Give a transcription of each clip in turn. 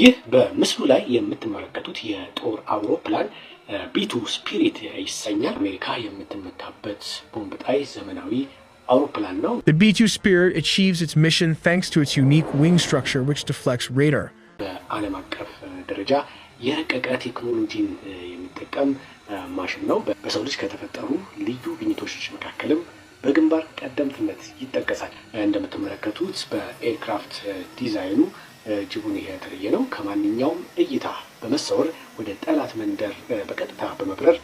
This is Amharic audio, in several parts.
ይህ በምስሉ ላይ የምትመለከቱት የጦር አውሮፕላን ቢቱ ስፒሪት ይሰኛል። አሜሪካ የምትመታበት ቦምብ ጣይ ዘመናዊ አውሮፕላን ነው። ቢቱ ስፒሪት achieves its mission thanks to its unique wing structure which deflects radar በዓለም አቀፍ ደረጃ የረቀቀ ቴክኖሎጂን የሚጠቀም ማሽን ነው። በሰው ልጅ ከተፈጠሩ ልዩ ግኝቶች መካከልም በግንባር ቀደምትነት ይጠቀሳል። እንደምትመለከቱት በኤርክራፍት ዲዛይኑ ጅቡን ይሄ የተለየ ነው። ከማንኛውም እይታ በመሰወር ወደ ጠላት መንደር በቀጥታ በመብረር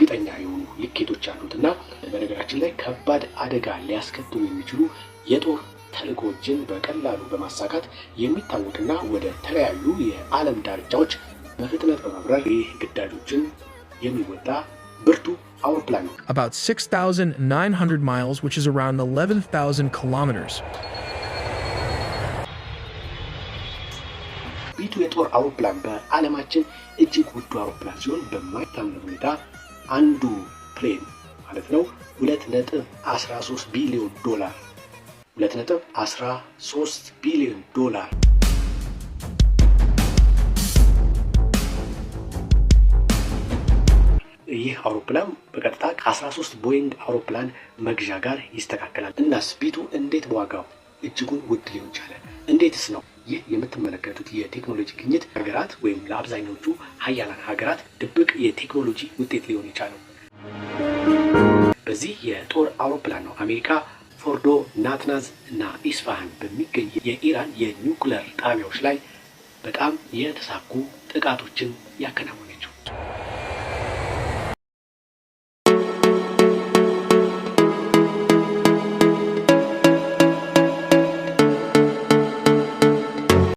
ግጠኛ የሆኑ ልኬቶች አሉት እና በነገራችን ላይ ከባድ አደጋ ሊያስከትሉ የሚችሉ የጦር ተልእኮችን በቀላሉ በማሳካት የሚታወቅና ወደ ተለያዩ የዓለም ዳርቻዎች በፍጥነት በመብረር ይህ ግዳጆችን የሚወጣ ብርቱ አውሮፕላን ነው። About 6,900 miles, which is around 11,000 kilometers. ቢቱ የጦር አውሮፕላን በዓለማችን እጅግ ውዱ አውሮፕላን ሲሆን በማይታመን ሁኔታ አንዱ ፕሌን ማለት ነው ሁለት ነጥብ ቢሊዮን ዶላር ሁለት ነጥብ ቢሊዮን ዶላር ይህ አውሮፕላን በቀጥታ ከ13 ቦይንግ አውሮፕላን መግዣ ጋር ይስተካከላል። እናስ ቢቱ እንዴት በዋጋው እጅጉን ውድ ሊሆን ቻለ? እንዴትስ ነው? ይህ የምትመለከቱት የቴክኖሎጂ ግኝት ሀገራት ወይም ለአብዛኞቹ ሀያላን ሀገራት ድብቅ የቴክኖሎጂ ውጤት ሊሆን የቻለው። በዚህ የጦር አውሮፕላን ነው አሜሪካ ፎርዶ፣ ናትናዝ እና ኢስፋሃን በሚገኝ የኢራን የኒውክለር ጣቢያዎች ላይ በጣም የተሳኩ ጥቃቶችን ያከናውናል።